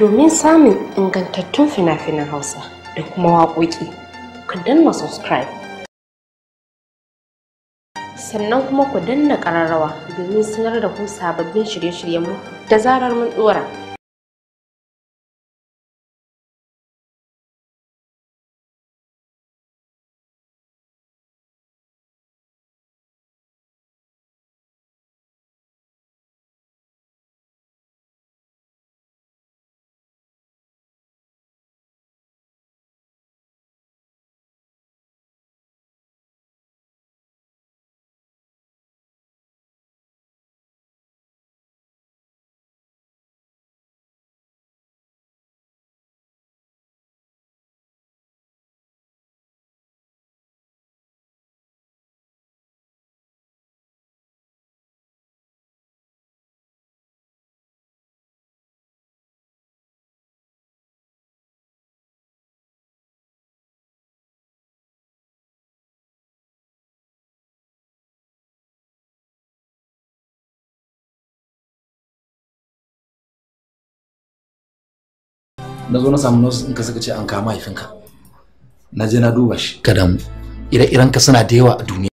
Domin samun ingantattun fina-finan Hausa da kuma waƙoƙi, ku danna subscribe. Sannan kuma ku danna ƙararrawa domin sanar da ku sababbin shirye-shiryenmu da zarar mun ɗora. na zo na samu in ka suka ce an kama mahaifinka na je na duba shi ka damu ire-iren ka suna da yawa a duniya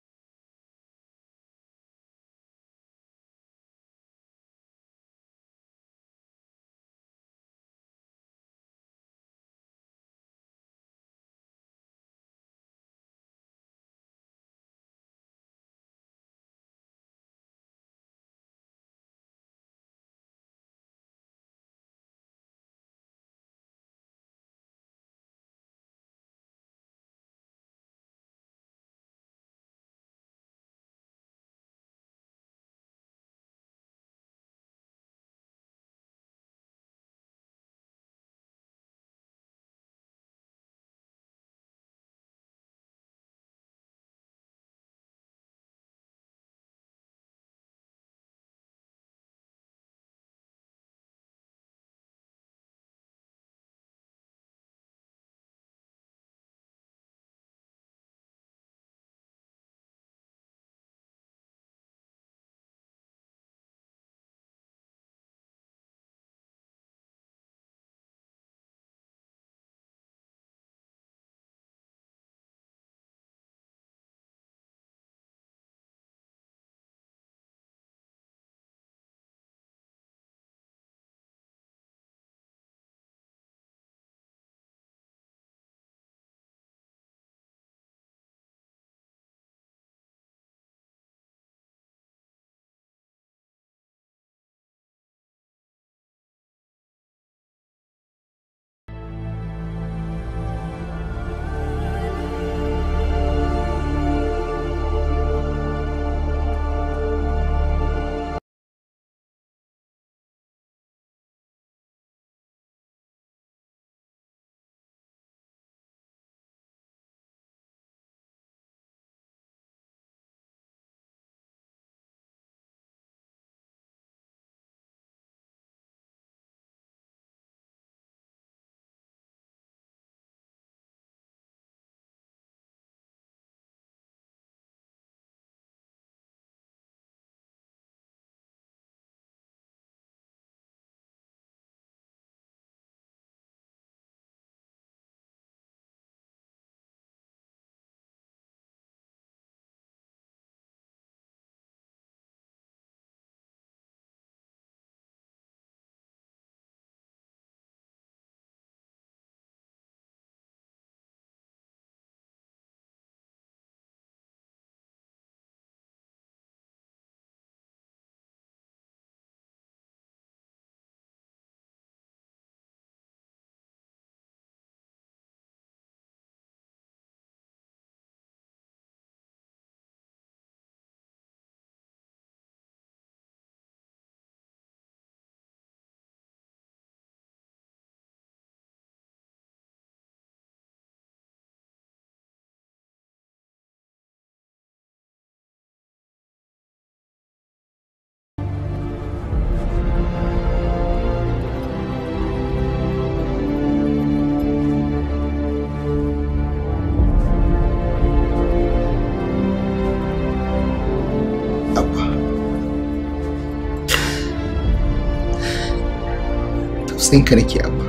matsayinka nake abba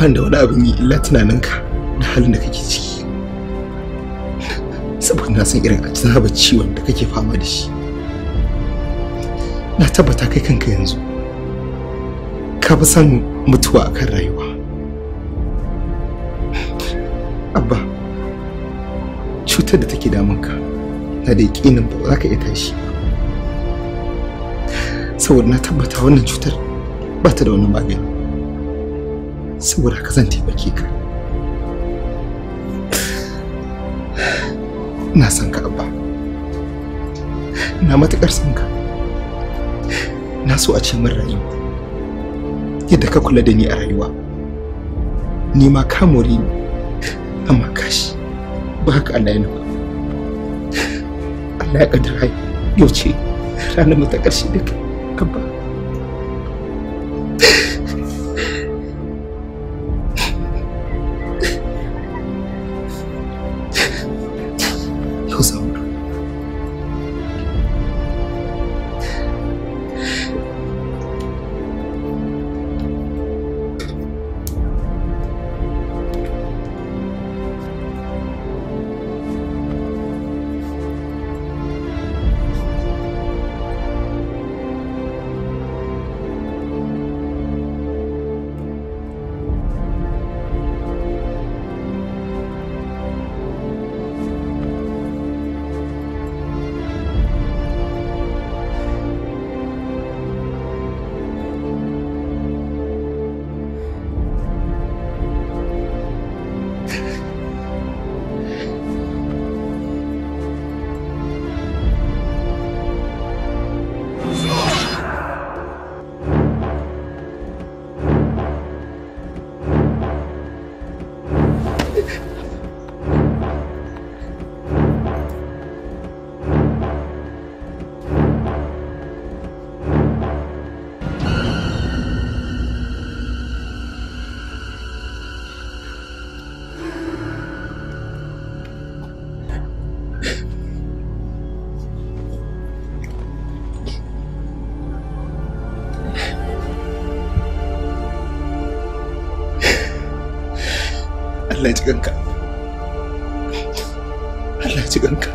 ban da wani abin yi illa tunaninka da halin da kake ciki saboda na san irin azabar ciwon da kake fama da shi na tabbata kai kanka yanzu ka fi san mutuwa akan rayuwa abba cutar da take damunka na da yaƙinin ba za ka iya tashi ba saboda na tabbata wannan cutar ba ta da wani magani saboda ka zan taimake ka na san ka abba na matuƙar san ka na so a ce min rayuwa yadda ka kula da ni a rayuwa ni ma ka more ni amma kashi ba haka Allah ya nufa Allah ya kaddara yau ce ranar mu shi ƙarshe da 吧。Allah ya ji ganka Allah ya ji ganka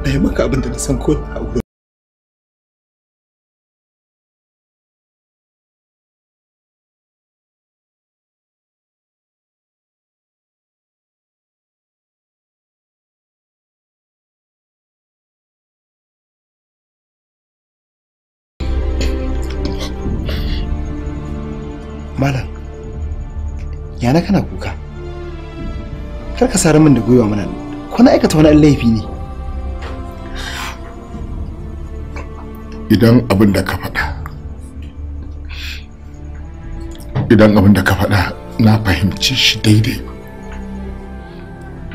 na yi maka abin da na san ko a wurin Malam, yana kana kuka kar ka sare min da gwiwa mana ko na aikata wani laifi ne idan abin da ka faɗa idan abin da ka faɗa na fahimci shi daidai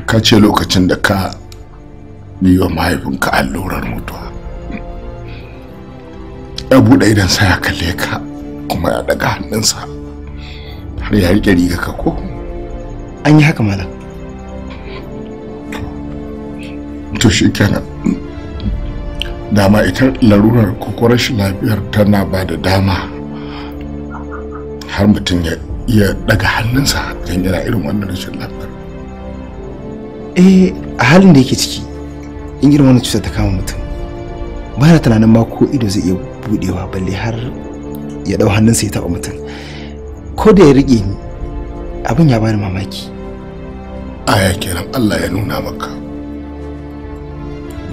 ka ce lokacin da ka yi wa mahaifinka allurar mutuwa ya buɗe idan sa ya kalle ka kuma ya ɗaga hannunsa har ya riƙe riga ka ko an yi haka malam to shi kenan dama ita larurar ko rashin lafiyar tana ba da dama har mutum ya iya daga hannunsa don yana irin wannan rashin lafiyar eh a halin da yake ciki in irin wannan cutar ta kama mutum ba tana tunanin ma ko ido zai iya budewa balle har ya dau hannunsa ya taba mutum ko da ya riƙe ni abin ya bani mamaki aya kenan allah ya nuna maka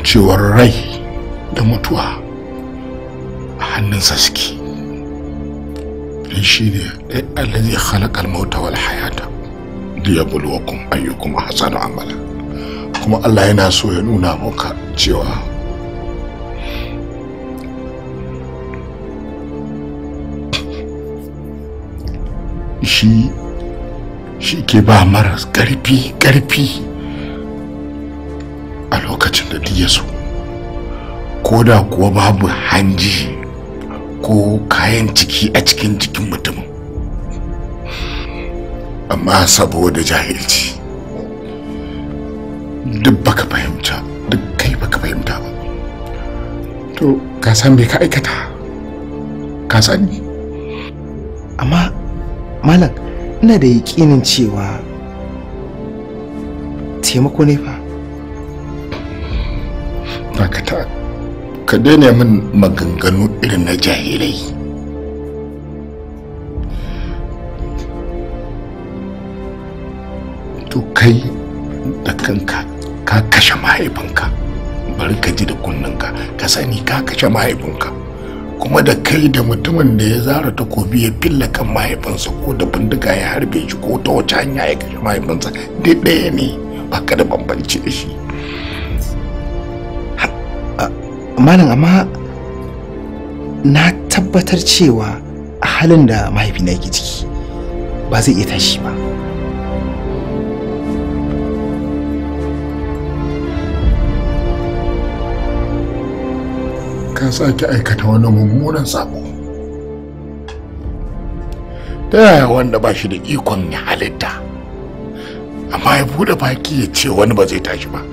cewar rai da mutuwa a hannunsa suke don shi ne allazi khalaqal mauta wal hayata liyabluwakum ayyukum ahsanu amala kuma allah yana so ya nuna maka cewa shi shi ke ba maras ƙarfi ƙarfi a lokacin da ya so ko da kuwa babu hanji ko kayan ciki a cikin jikin mutum amma saboda jahilci duk baka fahimta duk kai baka fahimta ba to ka san me ka aikata ka sani amma malam ina da yakinin cewa taimako ne fa dakata ka daina min maganganu irin na jahilai to kai da kanka ka kashe mahaifinka bari ka ji da kunninka ka sani ka kashe mahaifinka kuma da kai da mutumin da ya zara takobi ya filla kan mahaifinsa ko da bindiga ya harbe shi ko ta wace hanya ya kashe mahaifinsa duk ɗaya ne ba ka da bambanci da shi malam amma na tabbatar cewa halin da mahaifina yake ciki ba zai iya tashi ba ka sake aikata wani mummunan sabo ta yaya wanda ba shi da ikon ya halitta amma ya bude baki ya ce wani ba zai tashi ba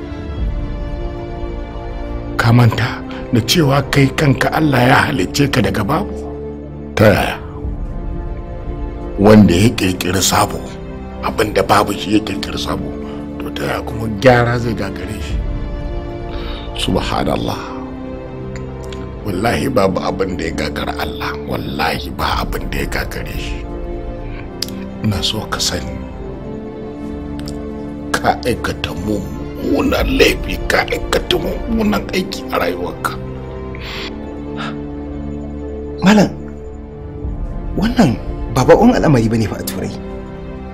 ka manta da cewa kai kanka allah ya halicce ka daga babu ta yaya wanda ya kirkiri sabo abinda babu shi ya kirkiri sabo to ta yaya kuma gyara zai gagare shi subhanallah wallahi babu abin da ya gagar Allah wallahi ba abin da ya gagare shi ina so ka sani ka aikata mummunan laifi ka aikata mummunan aiki a rayuwarka malam wannan baba baba'un al'amari bane fa a turai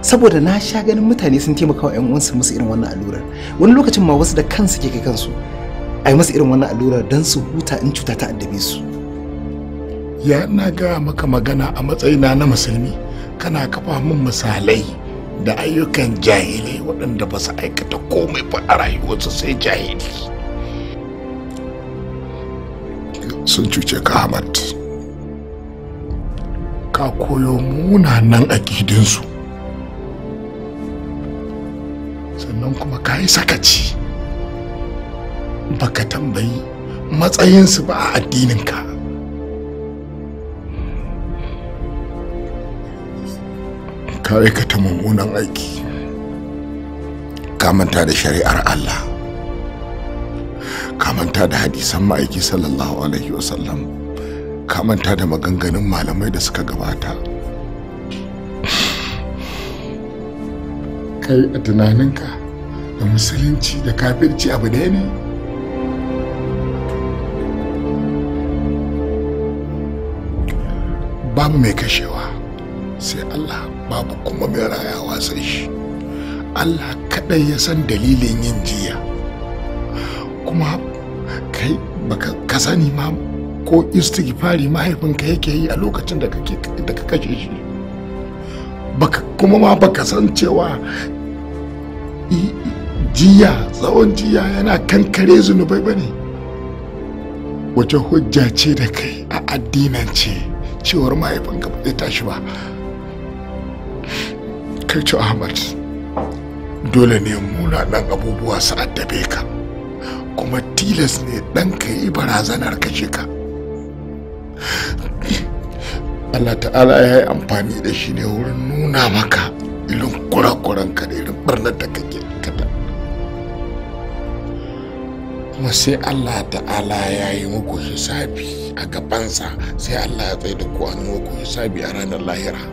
saboda na sha ganin mutane sun taimaka wa 'yan uwansu musu irin wannan allurar wani lokacin ma wasu da kansu ke kai kansu a yi masa irin wannan allura don su huta in cuta ta addabe su ya na gaya maka magana a matsayina na musulmi kana kafa min misalai da ayyukan jahilai waɗanda ba su aikata komai ba a rayuwarsu sai jahili sun cuce ka Ahmad ka koyo munanan akidinsu sannan kuma ka yi sakaci baka tambayi matsayinsu ba a addininka ka aikata mummunan aiki ka manta da shari'ar Allah ka manta da hadisan ma'aiki sallallahu alaihi wasallam ka manta da maganganun malamai da suka gabata kai a tunaninka da musulunci da kafirci abu ɗaya ne babu mai kashewa sai Allah babu kuma mai rayawa sai shi Allah kaɗai ya san dalilin yin jiya kuma kai baka ka sani ma ko istighfari mahaifinka yake yi a lokacin da kake da ka kashe shi baka kuma ma baka san cewa jiya tsawon jiya yana kankare zunubai bane wace hujja ce da kai a addinance cewar mahaifinka ba zai tashi ba kai ci ahmad dole ne munanan abubuwa su addabe ka kuma tilas ne ɗanka yi barazanar kashe ka Allah ta'ala ya yi amfani da shi ne wurin nuna maka irin ka da irin barnar da kai kuma sai Allah ta'ala ya yi muku hisabi a gabansa sai Allah ya tsaye da ku an muku hisabi a ranar lahira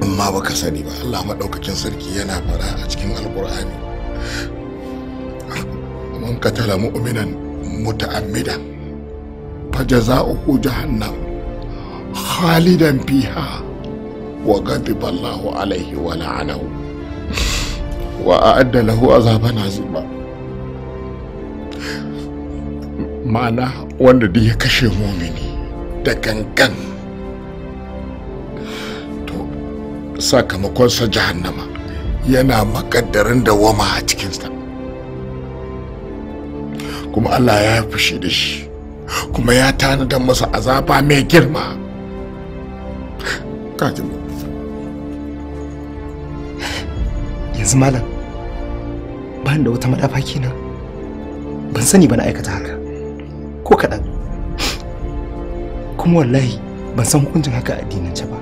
amma ba ka sani ba Allah maɗaukakin sarki yana fara a cikin alkur'ani man katala mu'minan fa fajaza'uhu jahannam khalidan fiha وغضب wa la'anahu wa a'adda lahu azaban azima ma'ana wanda da ya kashe mumini da gangan to sakamakonsa jahannama yana makaddarin dawama a cikinsa kuma allah ya fushi da shi kuma ya tanada masa azaba mai girma kajin yanzu malam ba da wata madafa kenan ban sani ba na aikata haka ko kaɗan kuma wallahi ban san hukuncin haka a ce ba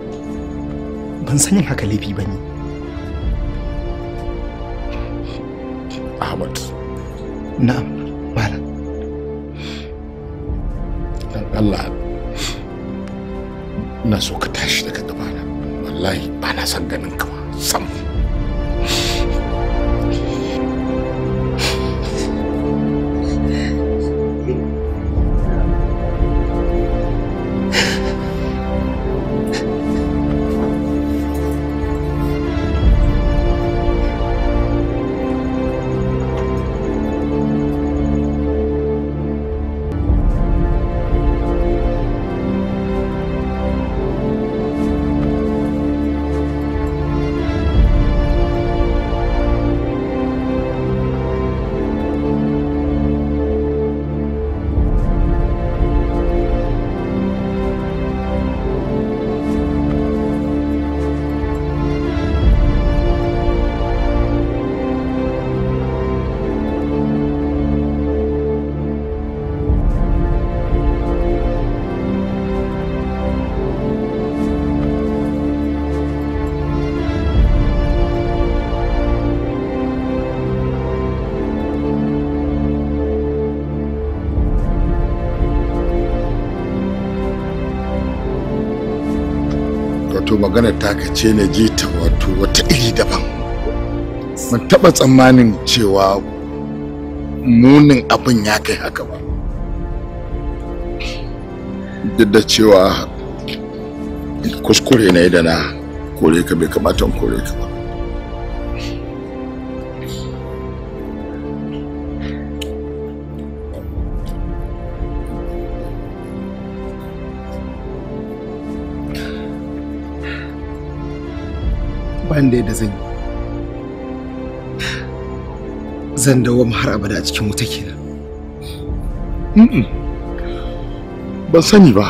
ban san yin haka laifi ba ne ahmad na'am malam dan allah na so ka tashi daga gabana wallahi ba na san ganin ka sam magana taka ce na ji ta wato wata iri daban Mun taɓa tsammanin cewa munin abin ya kai haka ba duk da cewa kuskure na da na kore ka bai kamata kore ka ba ban da yadda zan yi zan har abada a cikin wuta kenan ban sani ba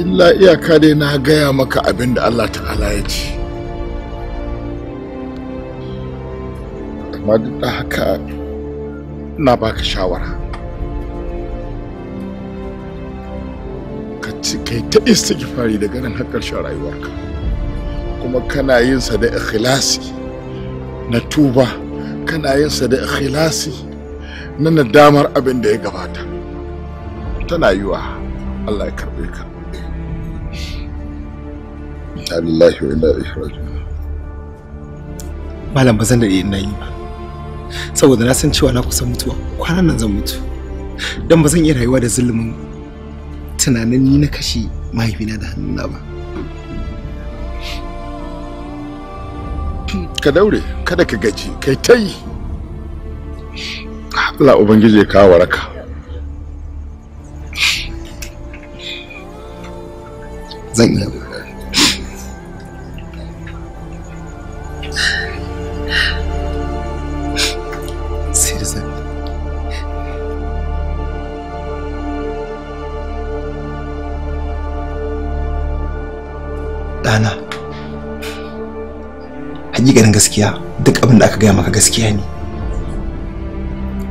illa iyaka dai na gaya maka abin da allah ta'ala ya ce amma duk da haka na baka shawara ka ci kai ta istighfari daga nan har ƙarshen rayuwarka kuma kana yin sa da ikhlasi na tuba kana yin sa da ikhlasi na nadamar abin da ya gabata tana yiwa Allah ya karbe ka lillahi wa inna ilaihi raji'un malam ba zan dade ina yi ba saboda na san cewa na kusa mutuwa kwanan nan zan mutu dan ba zan iya rayuwa da zulumin tunanin ni na kashe mahaifina da hannuna ba ka daure kada ka gaji kai ta yi Allah ubangiji ya waraka zan yi gaskiya duk abin da aka gaya maka gaskiya ne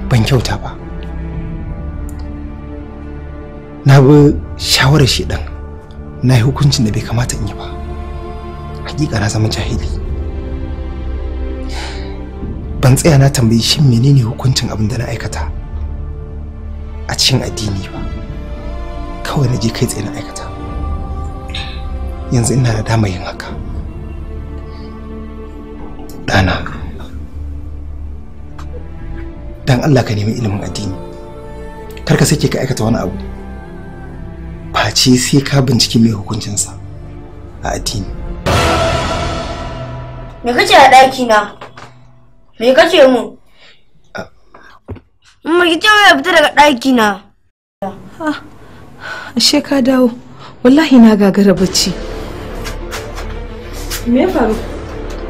ban kyauta ba na bi shawarar shi ɗan na yi hukuncin da bai kamata in yi ba hakika na zama jahili ban tsaya na tambayi shin menene hukuncin abin da na aikata a cikin addini ba kawai na je kai tsaye na aikata yanzu ina da dama yin haka Allah ka nemi ilimin addini kar ka sake ka aikata wani abu face sai ka binciki mai hukuncinsa a addini me kace a ɗaki na me kace mu mu kice ya fita daga ɗaki na ah, ashe ka dawo wallahi na gagara bacci me faru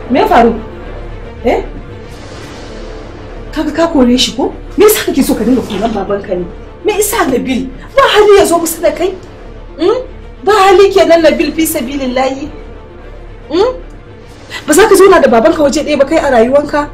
me faru eh kaga ka kore shi ko me yasa kake so ka dinga koran babanka ne me yasa Nabil ba hali ya zo kusa da kai hmm? ba hali kenan Nabil fi sabilillahi hmm? ba za ka zauna da babanka waje ɗaya ba kai a rayuwanka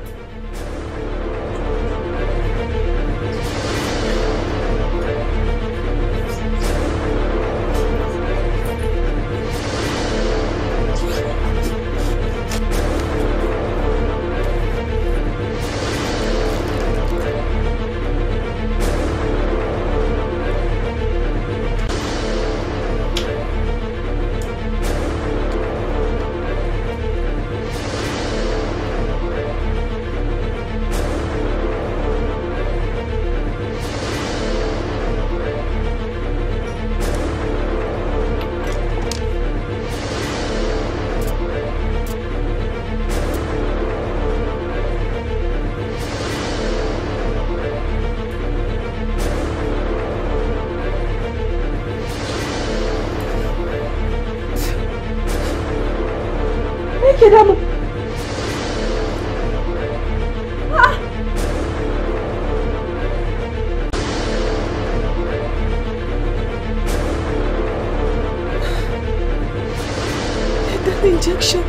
action.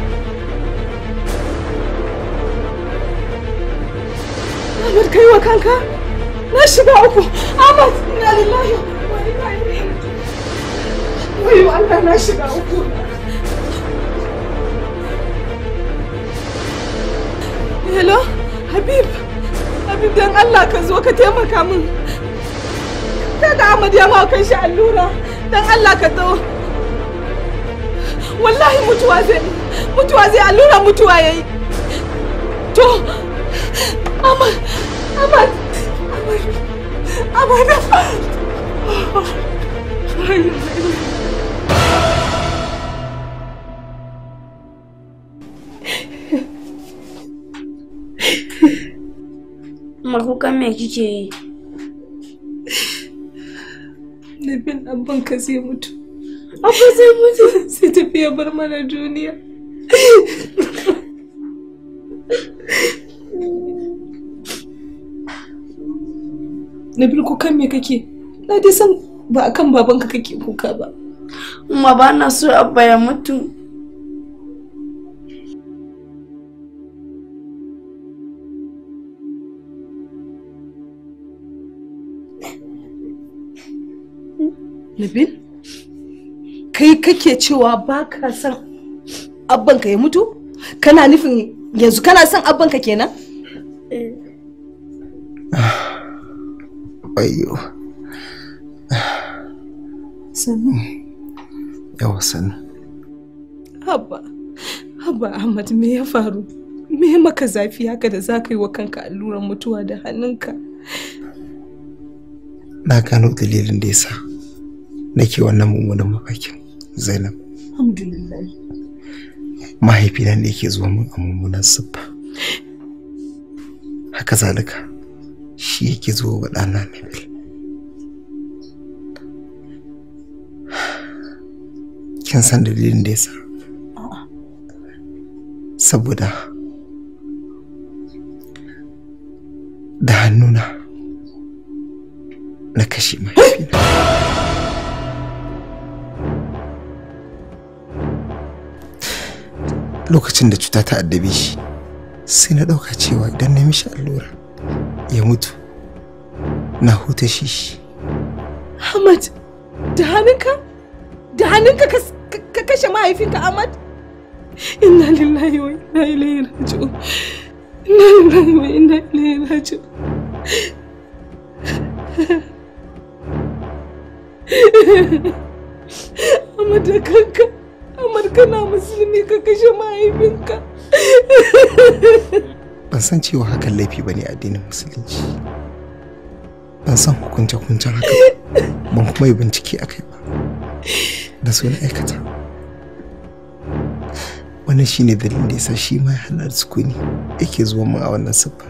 Ahmad kai wa kanka? Na shiga uku. Ahmad na lillahi wa inna ilaihi. Wayo Allah shiga uku. Hello, Habib. Habib dan Allah ka zo ka taimaka min. kada Ahmad ya mako kan shi allura. Dan Allah ka zo. wallahi mutuwa zai mutuwa zai allura mutuwa yayi to amma amma amma na Makukan me kike yi? bin abin ka zai mutu. Abin zai mutu sai tafiya bar mana duniya. Nabil kukan me kake? Na dai san ba akan babanka kake kuka ba. Amma ba na so abba ya mutu. Nabil, kai kake cewa ba ka san abbanka ya mutu kana nufin yanzu kana son abbanka kenan ayyo sanu yawa sannu Abba abba ahmad me ya faru me maka zafi haka da za ka yi wa kanka alluran mutuwa da hannunka na gano dalilin da ya sa nake wannan mummunan mafakin zainab alhamdulillah mahaifina ne yake zuwa min a mummunan siffa haka zalika shi yake zuwa wa ɗana nabil kin san dalilin da yasa saboda lokacin da cuta ta addabe shi sai na ɗauka cewa idan na mishi allura ya mutu na huta shi Ahmad da hannunka da hannunka ka kashe mahaifinka Ahmad inna lillahi wa inna ilaihi raji'un inna lillahi wa inna ilaihi raji'un Ahmad da kanka har kana musulmi ka kashe mahaifinka ban san cewa hakan laifi bane a addinin musulunci ban san hukunce hukuncen haka ban kuma yi bincike a kai ba da so aikata wannan shine dalilin da yasa shi ma halar sukuni yake zuwa mu a wannan siffa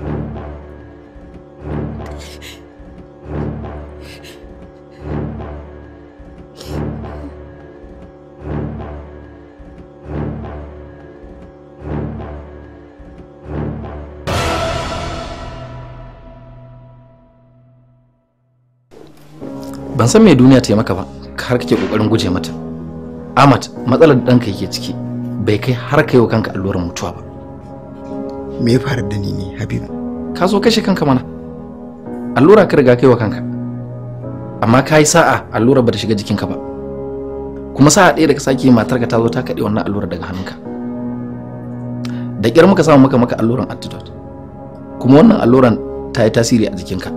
ban san me duniya ta yi maka ba har kake kokarin guje mata amat matsalar da ɗanka yake ciki bai kai har kai wa kanka allurar mutuwa ba me ya faru da ni ne habibu ka zo kashe kanka mana allura ka riga kai wa kanka amma ka yi sa'a allura ba ta shiga jikinka ba kuma sa'a ɗaya da ka sake matar ka ta zo ta kaɗe wannan allurar daga hannunka da ƙyar muka samu maka maka alluran antidote kuma wannan alluran ta yi tasiri a jikinka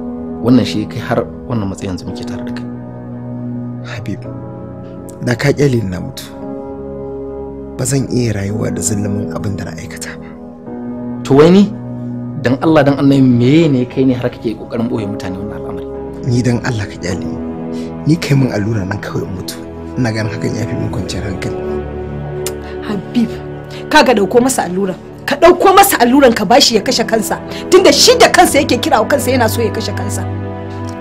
wannan shi kai har wannan matsayin yanzu muke tare da kai habib da ka kyale na mutu ba zan iya rayuwa da zulumin abin da na aikata ba to wai ni dan Allah dan Allah me ne kai ne har kake kokarin boye mutane wannan al'amari ni dan Allah ka kyale ni kai min allura nan kawai mutu ina ganin hakan yafi min kwanciyar hankali habib kaga dauko masa allura ka ɗauko masa alluran ka bashi ya kashe kansa tunda shi da kansa yake kira kansa yana so ya kashe kansa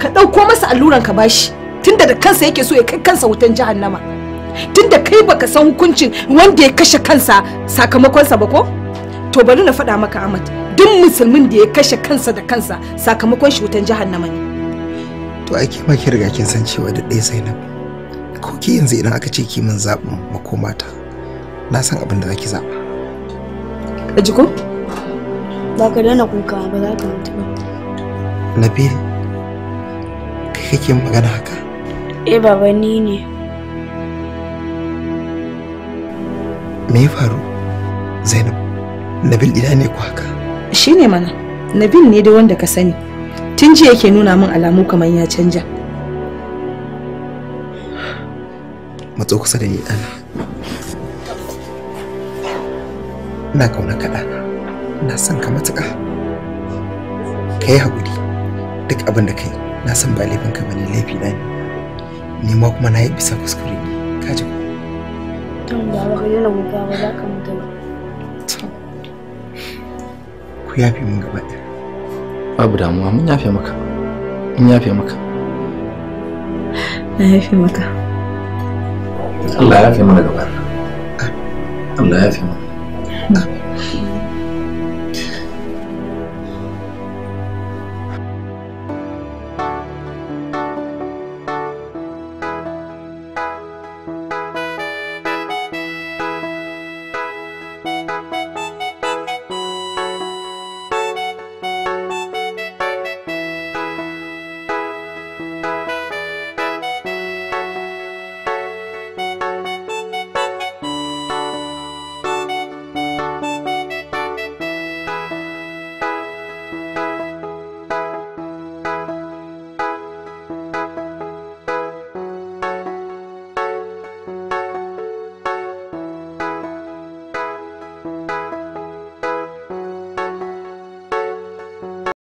ka ɗauko masa alluran ka bashi tunda da kansa yake so ya kai kansa wutan jahannama tunda kai baka san hukuncin wanda ya kashe kansa sakamakonsa ba ko to bari na faɗa maka amat duk musulmin da ya kashe kansa da kansa sakamakon shi wutan jahannama ne to ai ke ma ki riga kin san cewa da dai zainab ko ki yanzu idan aka ce ki min zaɓin makomata na san abin da zaki zaɓa ji ko ba ka daina kuka ba za ka mutu ba nabil kai kake magana haka Eh, eh baba ni ne me ya faru zainab nabil ina ne ku haka ne mana nabil ne da wanda ka sani tun jiya yake nuna min alamu kamar ya canja matso kusa da ni ɗana ina kauna ka ɗana ina son ka matuƙa ka yi haƙuri duk abin da ka yi na san ba laifin ka bane laifi na ne ni ma kuma na yi bisa kuskure ka ji ko ku yafe mun gaba ɗaya babu damuwa mun yafe maka mun yafe maka na yafe maka Allah ya yafe mana gaba Allah ya yafe mana